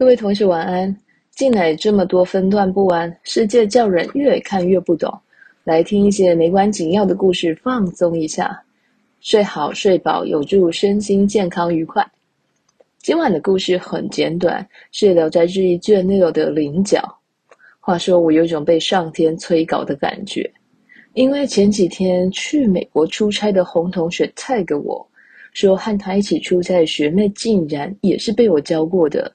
各位同學晚安，近來這麼多分段不完，世界叫人越看越不懂。來聽一些無關緊要的故事，放鬆一下，睡好睡飽，有助身心健康愉快。今晚的故事很簡短，是《聊齋誌異》卷六內容的菱角。話說我有一種被上天催稿的感覺，因為前幾天去美國出差的洪同學 tag 我說，和他一起出差的學妹竟然也是被我教過的。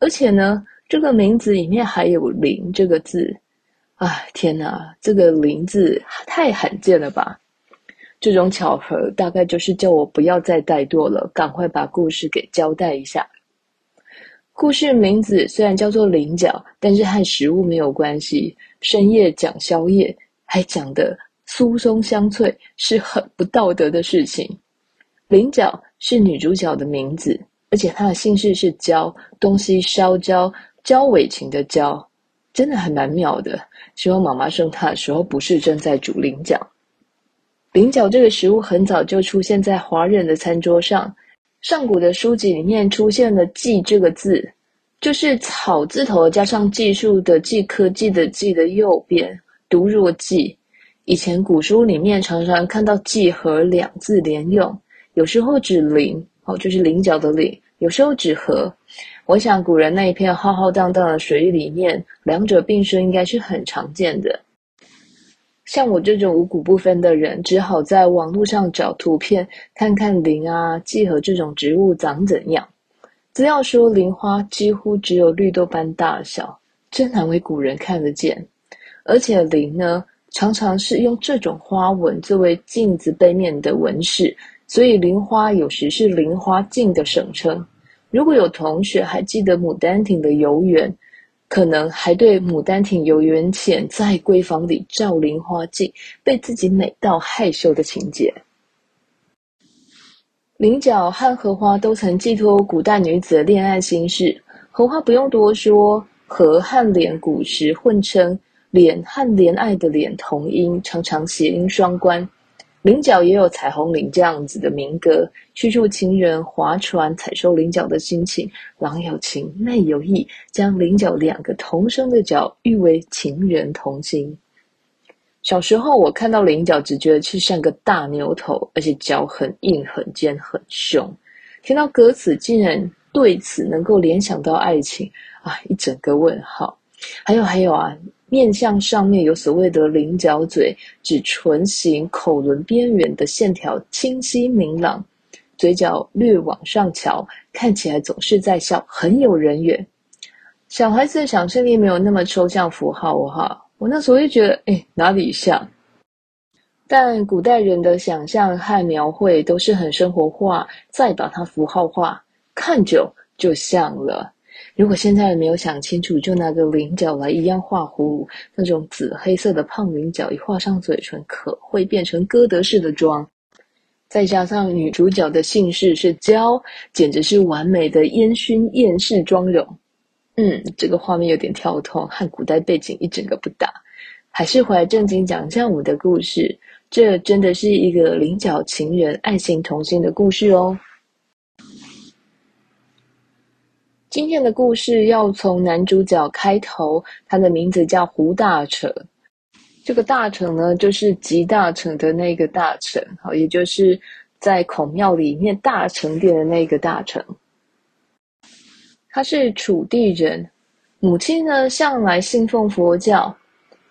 而且呢，這個名字裡面還有“菱”這個字，啊，天哪，這個“菱”字太罕見了吧！這種巧合大概就是叫我不要再怠惰了，趕快把故事給交代一下。故事名字雖然叫做“菱角”，但是和食物沒有關係。深夜講宵夜，還講得酥鬆香脆，是很不道德的事情。菱角是女主角的名字。而且它的姓氏是焦，東西燒焦，焦尾琴的焦，真的還蠻妙的。希望媽媽生他的時候不是正在煮菱角。菱角這個食物很早就出現在華人的餐桌上，上古的書籍裡面出現了“芰”這個字，就是草字頭加上“技”術的“技”，科技的“技”的右邊讀若“技”。以前古書裡面常常看到“芰”和兩字連用，有時候指菱。哦、就是菱角的菱，有時候紙盒。我想古人那一片浩浩蕩蕩，蕩的水域裡面，兩者並生應該是很常見的。像我這種五穀不分的人，只好在網絡上找圖片，看看菱啊、薺和這種植物長怎樣。資料說，菱花幾乎只有綠豆般大小，真難為古人看得見。而且菱呢，常常是用這種花紋作為鏡子背面的紋飾。所以，菱花有時是菱花鏡的省稱。如果有同學還記得《牡丹亭》的遊園，可能還對《牡丹亭》遊園前在閨房裡照菱花鏡，被自己美到害羞的情節。菱角和荷花都曾寄托古代女子的戀愛心事。荷花不用多說，荷,和“蓮”古時混稱，“蓮”和“戀愛的戀”同音，常常諧音雙關。菱角也有“採紅菱”這樣子的民歌，敘述情人划船採收菱角的心情。郎有情，妹有意，將菱角兩個同聲的角譽為情人同心。小時候我看到菱角，只覺得是像個大牛頭，而且角很硬、很尖、很凶。聽到歌詞，竟然對此能夠聯想到愛情啊！一整個問號。還有還有啊！面相上面有所謂的菱角嘴，指唇形、口輪邊緣的線條清晰明朗，嘴角略往上翹，看起來總是在笑，很有人緣。小孩子的想象力沒有那麼抽象符號哦哈，我那時候就覺得，哎，哪裡像？但古代人的想象和描繪都是很生活化，再把它符號化，看久就像了。如果現在沒有想清楚，就拿個菱角來一樣畫弧，那種紫黑色的胖菱角一畫上嘴唇，可會變成歌德式的妝。再加上女主角的姓氏是焦，簡直是完美的煙燻厭世妝容。嗯，這個畫面有點跳脫，和古代背景一整個不搭。還是回來正經講一下我的故事。這真的是一個菱角情人愛情童心的故事哦。今天的故事要從男主角開頭，他的名字叫胡大成。這個大成呢，就是集大成的那個大成，好，也就是在孔廟裡面大成殿的那個大成。他是楚地人，母親呢向來信奉佛教。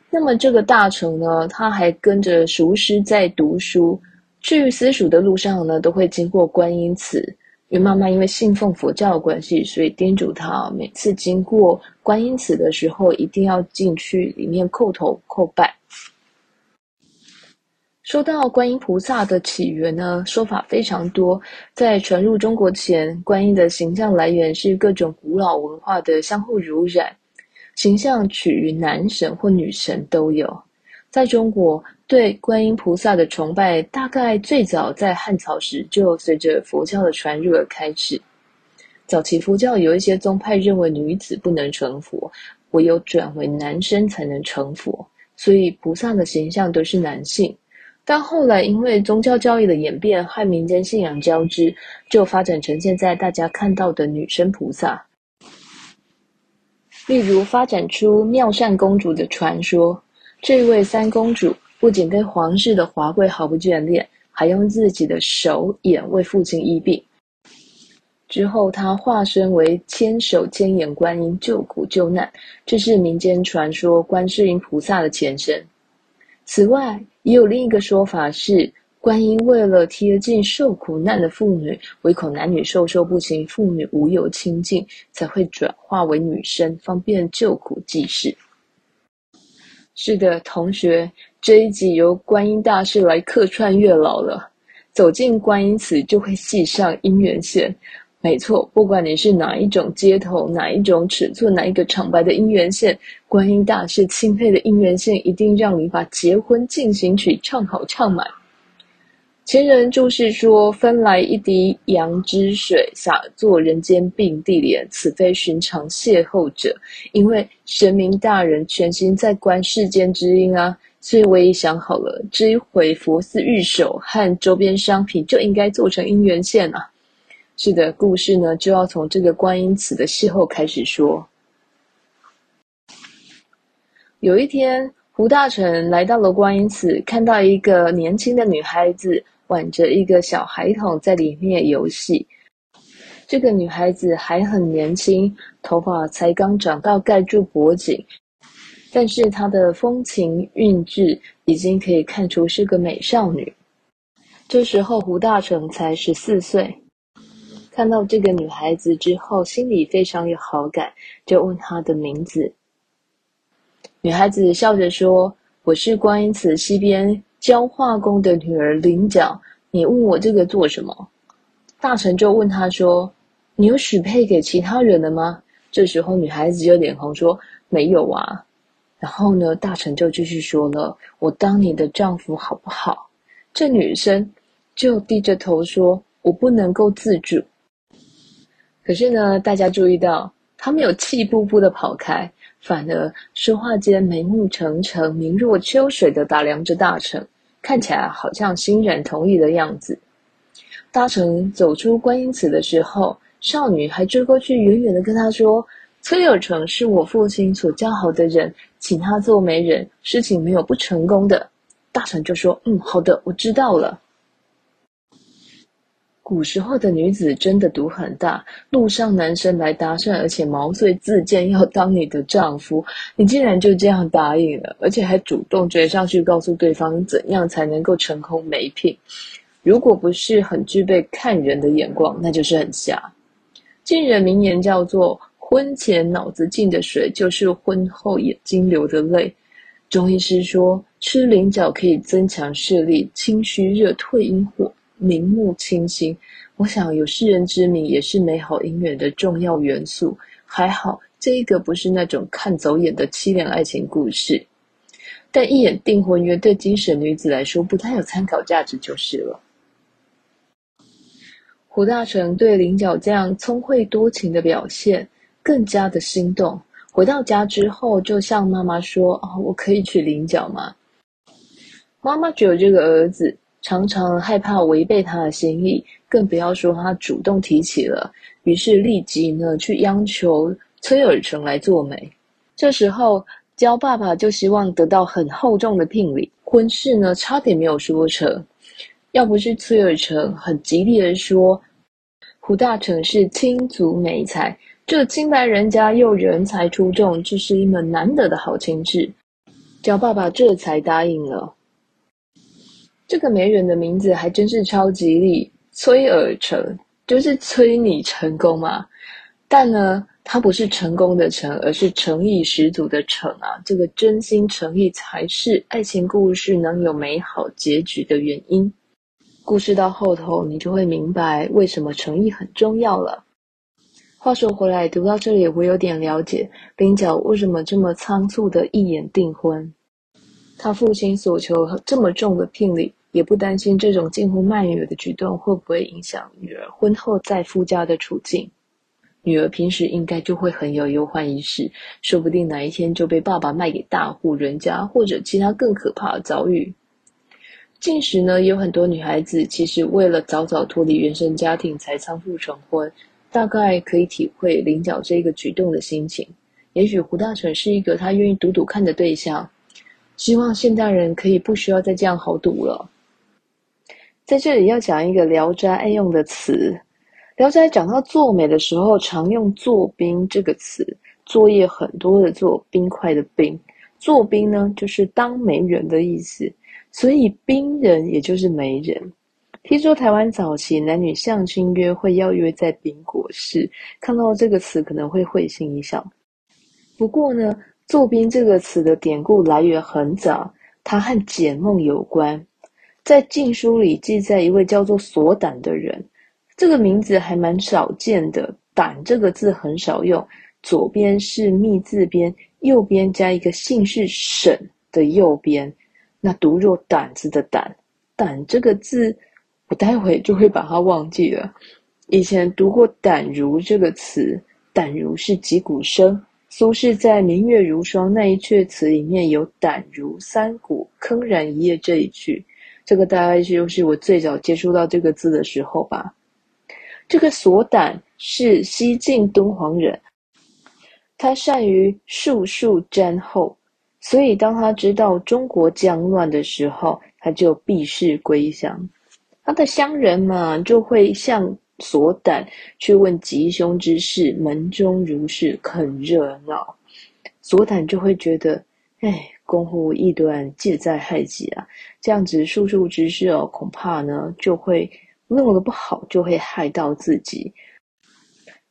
那麼這個大成呢，他還跟着塾師在讀書，去私塾的路上呢，都會經過觀音祠。因媽媽因為信奉佛教的關係，所以叮囑他每次經過觀音祠的時候，一定要進去裡面叩頭叩拜。說到觀音菩薩的起源呢，說法非常多。在傳入中國前，觀音的形象來源是各種古老文化的相互濡染，形象取於男神或女神都有。在中國。對觀音菩薩的崇拜，大概最早在漢朝時就隨着佛教的傳入而開始。早期佛教有一些宗派認為女子不能成佛，唯有轉為男生才能成佛，所以菩薩的形象都是男性。但後來因為宗教教義的演變和民間信仰交織，就發展成現在大家看到的女生菩薩。例如，發展出妙善公主的傳說，這位三公主。不僅對皇室的華貴毫不眷戀，還用自己的手眼為父親醫病。之後，他化身為千手千眼觀音救苦救難，這是民間傳說觀世音菩薩的前身。此外，也有另一個說法是，觀音為了貼近受苦難的婦女，唯恐男女授受不親，婦女無有親近，才會轉化為女生，方便救苦濟世。是的，同學。這一集由觀音大士來客串月老了。走進觀音寺，就會繫上姻緣線。沒錯，不管你是哪一種接頭、哪一種尺寸、哪一個廠牌的姻緣線，觀音大士欽佩的姻緣線，一定讓你把結婚進行曲唱好唱滿。前人注釋說：“分來一滴楊枝水，灑作人間並蒂蓮。此非尋常邂逅者，因為神明大人全心在觀世間之音啊。”所以我也想好了，這一回佛寺御守和周邊商品就應該做成姻緣線啊！是的，故事呢就要從這個觀音寺的邂逅開始說。有一天，胡大成來到了觀音寺，看到一個年輕的女孩子挽着一個小孩童在裡面遊戲。這個女孩子還很年輕，頭髮才剛長到蓋住脖頸。但是她的風情韻致已經可以看出是個美少女。這時候胡大成才十四歲，看到這個女孩子之後，心裡非常有好感，就問她的名字。女孩子笑着說：“我是觀音寺西邊焦畫工的女兒菱角，你問我這個做什麼？”大成就問她說：“你有許配給其他人了嗎？”這時候女孩子就臉紅說：“沒有啊。”然後呢，大臣就繼續說了：“我當你的丈夫好不好？”這女生就低着頭說：“我不能夠自主。”可是呢，大家注意到，他沒有氣呼呼的跑開，反而說話間眉目澄澄、明若秋水的打量着大臣，看起來好像欣然同意的樣子。大臣走出觀音祠的時候，少女還追過去，遠遠的跟他說。崔有成是我父親所交好的人，請他做媒人，事情沒有不成功的。大臣就說：“嗯，好的，我知道了。”古時候的女子真的賭很大，路上男生來搭訕，而且毛遂自薦要當你的丈夫，你竟然就這樣答應了，而且還主動追上去告訴對方怎樣才能夠成功媒聘。如果不是很具備看人的眼光，那就是很瞎。近人名言叫做。婚前腦子進的水，就是婚後眼睛流的淚。中醫師說，吃菱角可以增強視力，清虛熱，退陰火，明目清心。我想有世人之名，也是美好姻緣的重要元素。還好，這一個不是那種看走眼的淒涼愛情故事。但一眼訂婚約，對精神女子來說，不太有參考價值就是了。胡大成對菱角這樣聰慧多情的表現，更加的心動。回到家之後，就向媽媽說：“哦，我可以娶菱角嗎？”媽媽覺得這個兒子常常害怕違背他的心意，更不要說他主動提起了。於是立即呢去央求崔爾成來做媒。這時候焦爸爸就希望得到很厚重的聘禮，婚事呢差點沒有說成。要不是崔爾成很極力的說，胡大成是親族美才，這清白人家，又人才出眾，這是一門難得的好親事。焦爸爸這才答應了。這個媒人的名字還真是超吉利，崔爾成，就是催你成功嘛。但呢，他不是成功的成，而是誠意十足的誠啊。這個真心誠意才是愛情故事能有美好結局的原因。故事到後頭，你就會明白為什麼誠意很重要了。話說回來，讀到這裡，我有點了解菱角為什麼這麼倉促的一眼訂婚。他父親所求這麼重的聘禮，也不擔心這種近乎賣女的舉動會不會影響女兒婚後在夫家的處境。女兒平時應該就會很有憂患意識，說不定哪一天就被爸爸賣給大戶人家或者其他更可怕的遭遇。近時呢，有很多女孩子其實為了早早脫離原生家庭，才倉促成婚。大概可以體會菱角這個舉動的心情。也許胡大成是一個他願意賭賭看的對象。希望現代人可以不需要再這樣好賭了。在這裡要講一個《聊齋》愛用的詞，《聊齋》講到做媒的時候，常用“做冰”這個詞，“作業”很多的“做”，“冰塊”的“冰”，“做冰”呢就是當媒人的意思，所以“冰人”也就是媒人。聽說台灣早期男女相親約會邀約在冰果室，看到這個詞可能會會心一笑。不過呢，作冰這個詞的典故來源很早，它和解夢有關，在《晉書》裡記載一位叫做索紞的人，這個名字還蠻少見的。紞這個字很少用，左邊是密字邊，右邊加一個姓氏沈的右邊，那讀作膽子的膽。紞這個字。我待會就會把它忘記了。以前讀過“紞如”這個詞，“紞如”是擊鼓聲。蘇軾在《明月如霜》那一闕詞裡面有“紞如三鼓，鏗然一葉”這一句。這個大概就是我最早接觸到這個字的時候吧。這個索紞是西晉敦煌人，他善於術數占候，所以當他知道中國將亂的時候，他就避世歸鄉。他的鄉人們就會向索膽去問吉凶之事，門中如是很熱鬧。索膽就會覺得，哎，攻乎異端，借災害己啊！這樣子術數之事哦，恐怕呢就會弄得不好，就會害到自己。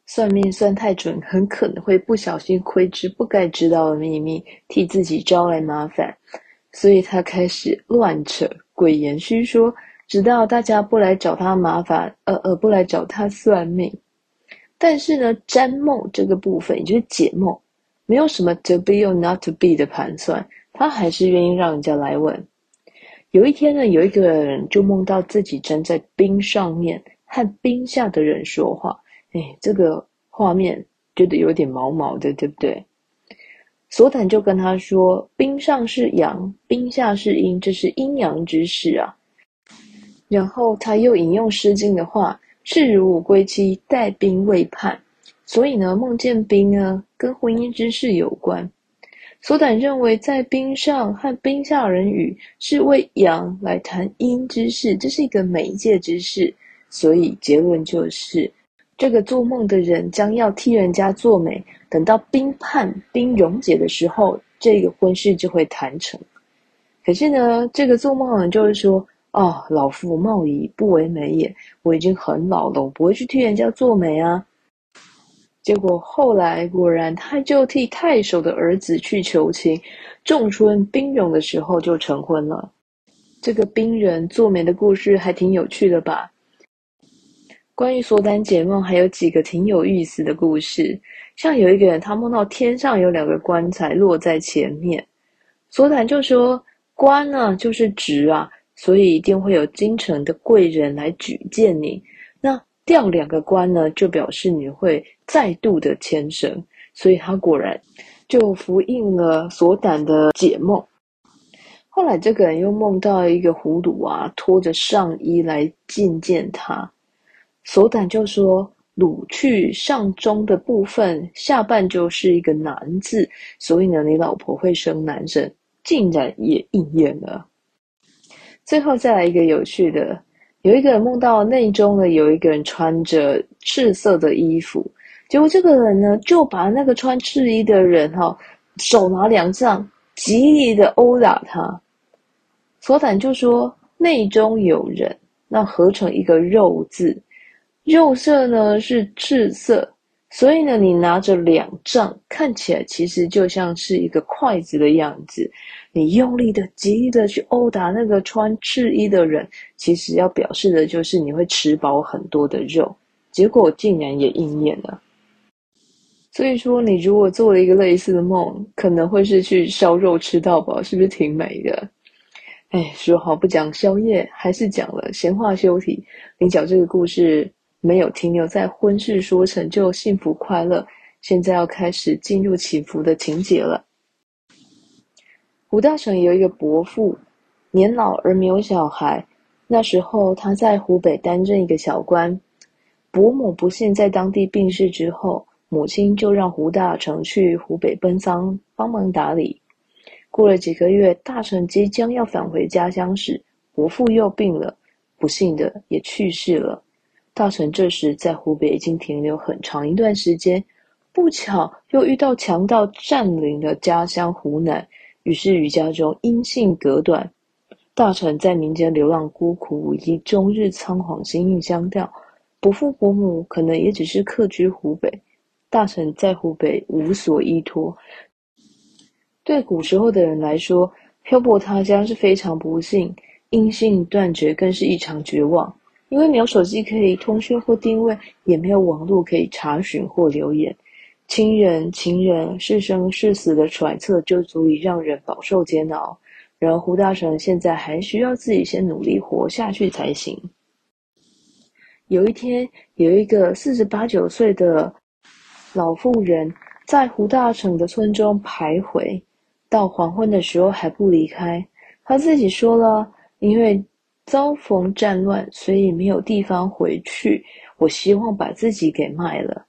算命算太準，很可能會不小心窺知不該知道的秘密，替自己招來麻煩。所以他開始亂扯鬼言虛說。直到大家不來找他麻煩，呃，而不來找他算命。但是呢，占夢這個部分，也就是解夢，沒有什麼 to be or not to be 的盤算，他還是願意讓人家來問。有一天呢，有一個人就夢到自己站在冰上面，和冰下的人說話。哎、欸，這個畫面覺得有點毛毛的，對不對？索坦就跟他說：“冰上是陽，冰下是陰，這是陰陽之事啊。”然後他又引用《詩經》的話：“士如歸妻，迨冰未泮。”所以呢，夢見冰呢，跟婚姻之事有關。索膽認為，在冰上和冰下人語是為陽來談陰之事，這是一個媒介之事。所以結論就是，這個做夢的人將要替人家做媒。等到冰泮冰溶解的時候，這個婚事就會談成。可是呢，這個做夢的就是說。哦，老夫耄矣，貿易不為媒也。我已經很老了，我不會去替人家做媒啊。結果後來果然，他就替太守的兒子去求親，仲春冰融的時候就成婚了。這個冰人做媒的故事還挺有趣的吧？關於索紞解夢，還有幾個挺有意思的故事，像有一個人他夢到天上有兩個棺材落在前面，索紞就說：“棺呢、啊，就是職啊。”所以一定會有京城的貴人來舉薦你。那調兩個官呢，就表示你會再度的遷升。所以他果然就符應了索紞的解夢。後來這個人又夢到一個葫蘆啊，拖着上衣來覲見他。索紞就說：“虜去上中的部分，下半就是一個男字，所以呢，你老婆會生男生。”竟然也應驗了。最後再來一個有趣的，有一個人夢到內中呢，有一個人穿着赤色的衣服，結果這個人呢就把那個穿赤衣的人哈、哦，手拿兩杖，極力的毆打他。索坦就說內中有人，那合成一個肉字，肉色呢是赤色，所以呢你拿着兩杖，看起來其實就像是一個筷子的樣子。你用力的、極力的去毆打那個穿赤衣的人，其實要表示的就是你會吃飽很多的肉，結果竟然也應驗了。所以說，你如果做了一個類似的夢，可能會是去燒肉吃到飽，是不是挺美的？哎，說好不講宵夜，還是講了。閒話休題。你講這個故事沒有停留在婚事說成就幸福快樂，現在要開始進入起伏的情節了。胡大成有一個伯父，年老而沒有小孩。那時候他在湖北擔任一個小官，伯母不幸在當地病逝之後，母親就讓胡大成去湖北奔喪，幫忙打理。過了幾個月，大成即將要返回家鄉時，伯父又病了，不幸的也去世了。大成這時在湖北已經停留很長一段時間，不巧又遇到強盜占領了家鄉湖南。於是與家中音信隔斷，大臣在民間流浪，孤苦無依，以終日倉皇形影相弔。伯父伯母，母可能也只是客居湖北，大臣在湖北無所依托。對古時候的人來說，漂泊他鄉是非常不幸，音信斷絕更是異常絕望。因為沒有手機可以通訊或定位，也沒有網絡可以查詢或留言。親人、情人是生是死的揣測，就足以讓人飽受煎熬。然而，胡大成現在還需要自己先努力活下去才行。有一天，有一個四十八九歲的老婦人，在胡大成的村中徘徊，到黃昏的時候還不離開。她自己說了：“因為遭逢戰亂，所以沒有地方回去。我希望把自己給賣了。”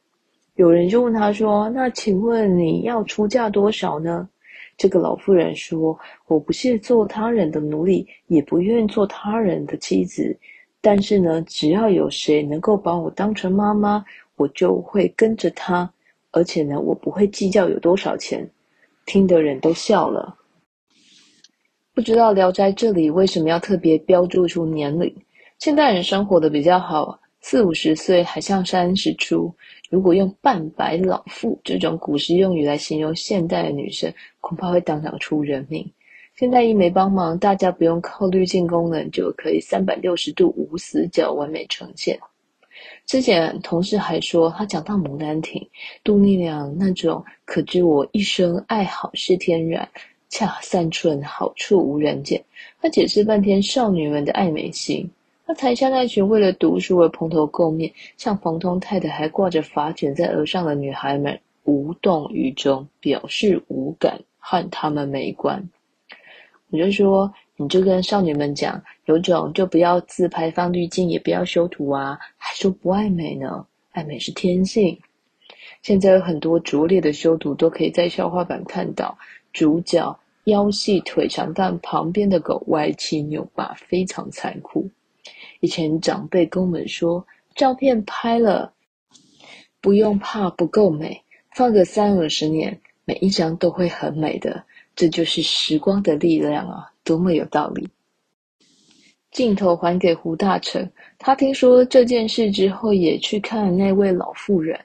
有人就問他說：“那請問你要出價多少呢？”這個老婦人說：“我不屑做他人的奴隸，也不願意做他人的妻子。但是呢，只要有誰能夠把我當成媽媽，我就會跟着他。而且呢，我不會計較有多少錢。”聽的人都笑了。不知道《聊齋》這裡為什麼要特別標注出年齡？現代人生活的比較好，四五十歲還像三十出。如果用“半白老婦”這種古時用語來形容現代的女生，恐怕會當場出人命。現在醫美幫忙，大家不用靠濾鏡功能，就可以三百六十度無死角完美呈現。之前同事還說，她講到《牡丹亭》杜麗娘那種“可知我一生愛好是天然，恰三春好處無人見”，她解釋半天少女們的愛美心。那台下那群為了讀書而蓬頭垢面，像房東太太還掛着髮卷在額上的女孩們，無動於衷，表示無感，和他們沒關。我就說，你就跟少女們講，有種就不要自拍放濾鏡，也不要修圖啊，還說不愛美呢？愛美是天性。現在有很多拙劣的修圖都可以在笑話版看到，主角腰細腿長，但旁邊的狗歪七扭八，非常殘酷。以前長輩跟我們說，照片拍了，不用怕不夠美，放個三五十年，每一張都會很美的。這就是時光的力量啊，多麼有道理！鏡頭還給胡大成，他聽說這件事之後，也去看了那位老婦人。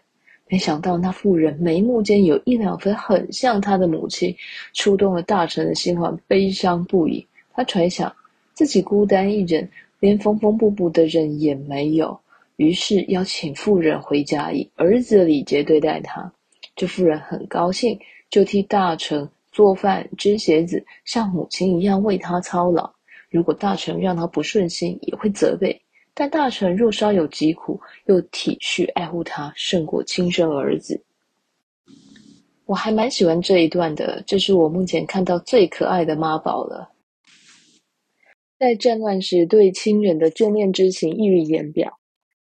沒想到那婦人眉目間有一兩分很像他的母親，觸動了大成的心懷，悲傷不已。他揣想，自己孤單一人。連縫縫補補的人也沒有，於是邀請婦人回家，以兒子的禮節對待他。這婦人很高興，就替大臣做飯、織鞋子，像母親一樣為他操勞。如果大臣讓他不順心，也會責備；但大臣若稍有疾苦，又體恤愛護他，勝過親生兒子。我還蠻喜歡這一段的，這是我目前看到最可愛的媽寶了。在戰亂時，對親人的眷戀之情溢於言表。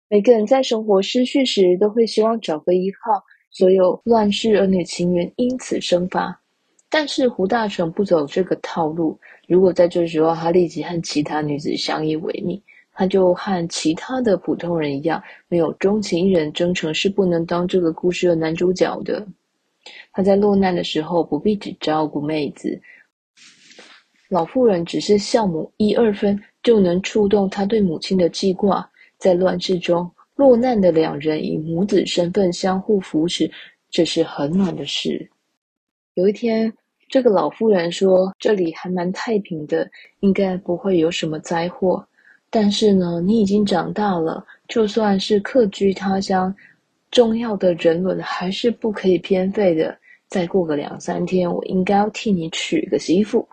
每個人在生活失去時，都會希望找個依靠，所有亂世兒女情緣因此生發。但是胡大成不走這個套路。如果在這時候他立即和其他女子相依為命，他就和其他的普通人一樣，沒有鍾情人真誠是不能當這個故事的男主角的。他在落難的時候不必只照顧妹子。老婦人只是孝母一二分，就能觸動他對母親的記掛。在亂世中落難的兩人以母子身份相互扶持，這是很暖的事。有一天，這個老婦人說：“這裡還蠻太平的，應該不會有什麼災禍。但是呢，你已經長大了，就算是客居他鄉，重要的人倫還是不可以偏廢的。再過個兩三天，我應該要替你娶個媳婦。”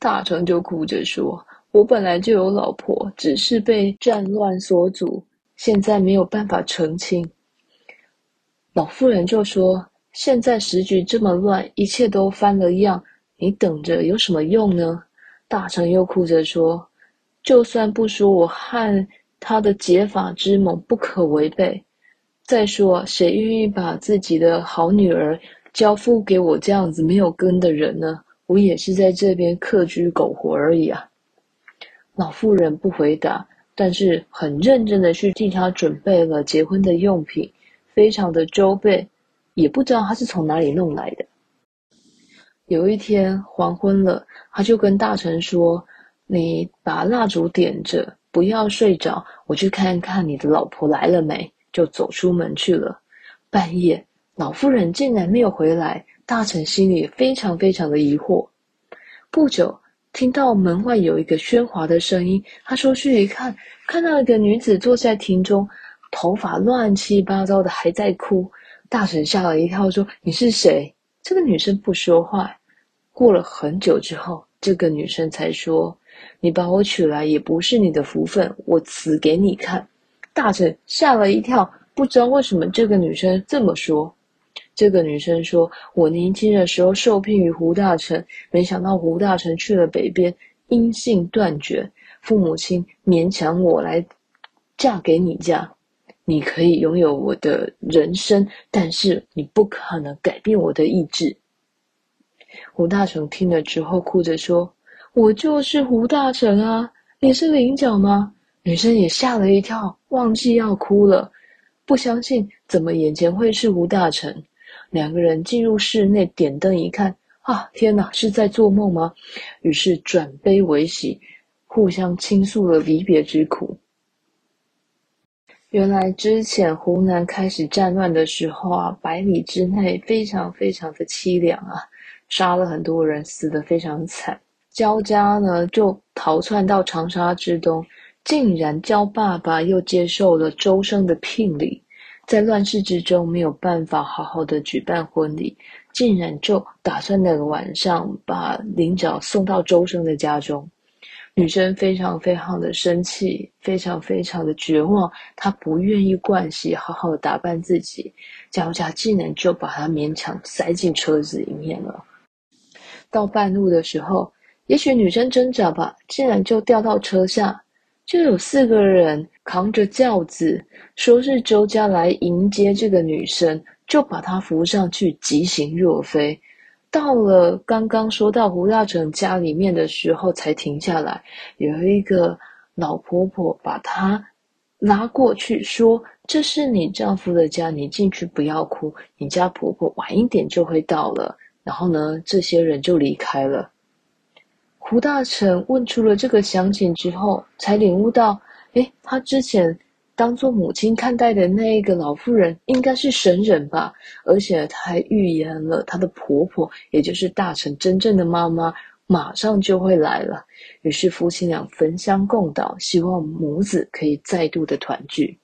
大臣就哭着說：“我本來就有老婆，只是被戰亂所阻，現在沒有辦法澄清。老婦人就說：“現在時局這麼亂，一切都翻了樣，你等着有什麼用呢？”大臣又哭着說：“就算不說我漢，他的結法之猛不可違背。再說，誰願意把自己的好女兒交付給我這樣子沒有根的人呢？”我也是在這邊客居苟活而已啊。老婦人不回答，但是很認真的去替他準備了結婚的用品，非常的周備，也不知道他是從哪裡弄來的。有一天黃昏了，他就跟大臣說：“你把蠟燭點着，不要睡着，我去看看你的老婆來了沒。”就走出門去了。半夜，老婦人竟然沒有回來。大臣心裡非常非常的疑惑。不久，聽到門外有一個喧嘩的聲音，他出去一看，看到一個女子坐在庭中，頭髮亂七八糟的，還在哭。大臣嚇了一跳，說：“你是誰？”這個女生不說話。過了很久之後，這個女生才說：“你把我娶來也不是你的福分，我死給你看。”大臣嚇了一跳，不知道為什麼這個女生這麼說。這個女生說：“我年輕的時候受聘於胡大成，沒想到胡大成去了北邊，音信斷絕。父母親勉強我來嫁給你嫁。你可以擁有我的人生，但是你不可能改變我的意志。”胡大成聽了之後，哭着說：“我就是胡大成啊！你是菱角嗎？”女生也嚇了一跳，忘記要哭了，不相信怎麼眼前會是胡大成。兩個人進入室內，點燈一看，啊，天哪，是在做夢嗎？於是轉悲為喜，互相傾訴了離別之苦。原來之前湖南開始戰亂的時候啊，百里之內非常非常的淒涼啊，殺了很多人，死得非常慘。焦家呢，就逃竄到長沙之東，竟然焦爸爸又接受了周生的聘禮。在亂世之中沒有辦法好好的舉辦婚禮，竟然就打算那個晚上把菱角送到周生的家中。女生非常非常的生氣，非常非常的絕望，她不願意盥洗，好好的打扮自己。賈賈竟然就把她勉強塞進車子裡面了。到半路的時候，也許女生掙扎吧，竟然就掉到車下。就有四個人扛着轎子，說是周家來迎接這個女生，就把她扶上去，疾行若飛。到了剛剛說到胡大成家裡面的時候，才停下來。有一個老婆婆把她拉過去，說：“這是你丈夫的家，你進去不要哭，你家婆婆晚一點就會到了。”然後呢，這些人就離開了。胡大成問出了這個詳情之後，才領悟到，誒，他之前當做母親看待的那一個老婦人，應該是神人吧？而且他還預言了，他的婆婆，也就是大成真正的媽媽，馬上就會來了。於是夫妻倆焚香共禱，希望母子可以再度的團聚。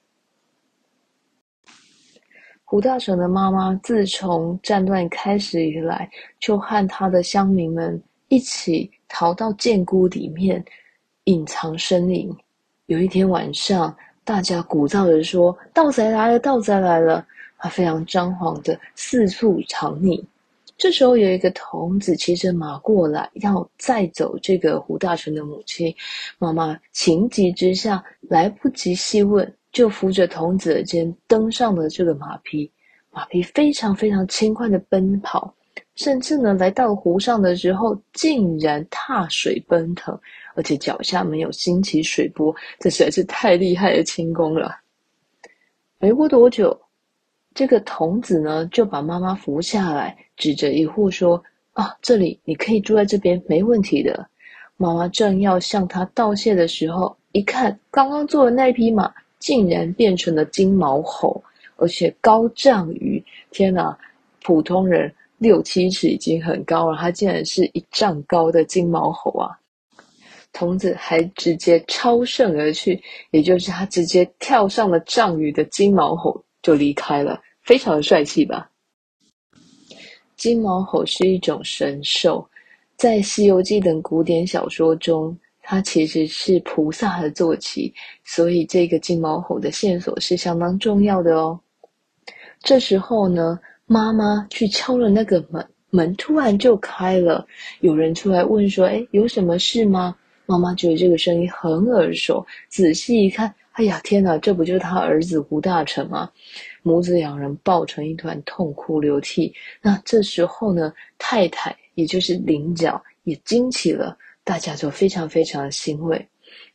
胡大成的媽媽，自從戰亂開始以來，就和他的鄉民們一起。逃到澗谷裡面隱藏身影。有一天晚上，大家鼓噪著說：“盜賊來了，盜賊來了！”他非常張狂的四處藏匿。這時候有一個童子騎着馬過來，要載走這個胡大成的母親。媽媽情急之下，來不及細問，就扶着童子的肩登上了這個馬匹。馬匹非常非常輕快的奔跑。甚至呢，來到湖上的時候，竟然踏水奔騰，而且腳下沒有掀起水波，這實在是太厲害的輕功了。沒過多久，這個童子呢就把媽媽扶下來，指着一戶說：“啊，這裡你可以住在這邊，沒問題的。”媽媽正要向他道謝的時候，一看剛剛坐的那匹馬竟然變成了金毛猴，而且高丈餘，天哪，普通人。六七尺已經很高了，它竟然是一丈高的金毛犼啊！童子還直接超勝而去，也就是他直接跳上了丈餘的金毛犼就離開了，非常的帥氣吧？金毛犼是一種神獸，在《西游記》等古典小說中，它其實是菩薩的坐騎，所以這個金毛犼的線索是相當重要的哦。這時候呢，媽媽去敲了那個門，門突然就開了，有人出來問說：“哎，有什麼事嗎？”媽媽覺得這個聲音很耳熟，仔細一看，哎呀，天哪，這不就是他兒子胡大成嗎？母子兩人抱成一團，痛哭流涕。那這時候呢，太太也就是菱角也驚起了，大家就非常非常的欣慰，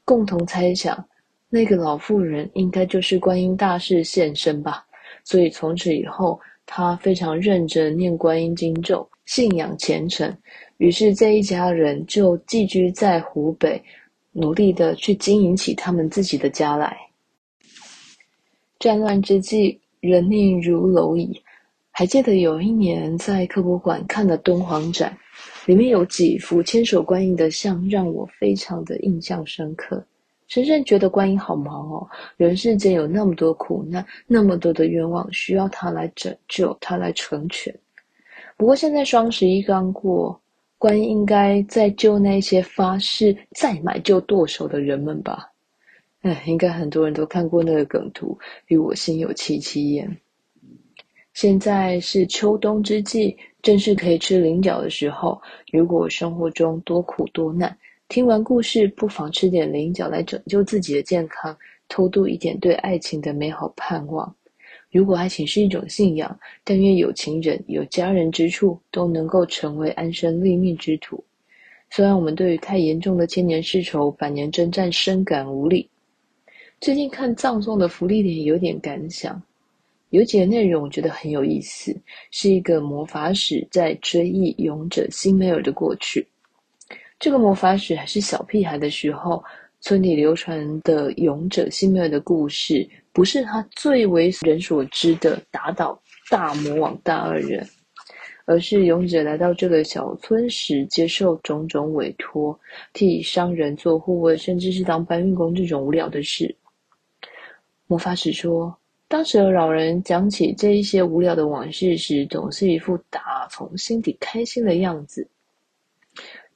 共同猜想那個老婦人應該就是觀音大士現身吧。所以從此以後。他非常認真念觀音經咒，信仰虔誠，於是這一家人就寄居在湖北，努力的去經營起他們自己的家來。戰亂之際，人命如螻蟻。還記得有一年在科博館看的敦煌展，裡面有幾幅千手觀音的像，讓我非常的印象深刻。深深覺得觀音好忙哦，人世間有那麼多苦難，那麼多的冤枉，需要他來拯救，他來成全。不過現在雙十一剛過，觀音應該在救那些發誓再買就剁手的人們吧。哎，應該很多人都看過那個梗圖，與我心有戚戚焉。現在是秋冬之際，正是可以吃菱角的時候。如果生活中多苦多難，聽完故事，不妨吃點菱角來拯救自己的健康，偷渡一點對愛情的美好盼望。如果愛情是一種信仰，但願有情人有家人之處，都能夠成為安身立命之土。雖然我們對於太嚴重的千年世仇、百年征戰深感無力，最近看《葬送的芙莉蓮》有點感想。有幾個內容我覺得很有意思，是一個魔法使在追憶勇者辛美爾的過去。這個魔法使還是小屁孩的時候，村裡流傳的勇者辛奈的故事，不是他最為人所知的打倒大魔王大二人，而是勇者來到這個小村時，接受種種委托，替商人做護衛，甚至是當搬運工這種無聊的事。魔法使說，當時的老人講起這一些無聊的往事時，總是一副打從心底開心的樣子。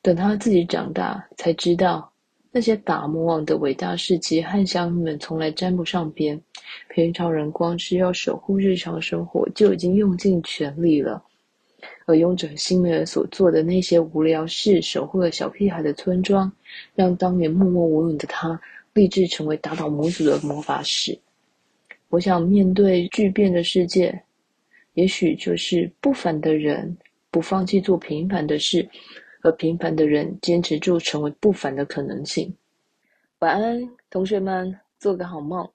等他自己長大，才知道那些打魔王的偉大事蹟，和鄉親們從來沾不上邊。平常人光是要守護日常生活，就已經用盡全力了。而勇者辛美爾所做的那些無聊事，守護了小屁孩的村莊，讓當年默默無聞的他，立志成為打倒魔族的魔法師。我想，面對巨變的世界，也許就是不凡的人，不放棄做平凡的事。和平凡的人堅持住，成為不凡的可能性。晚安，同學們，做個好夢。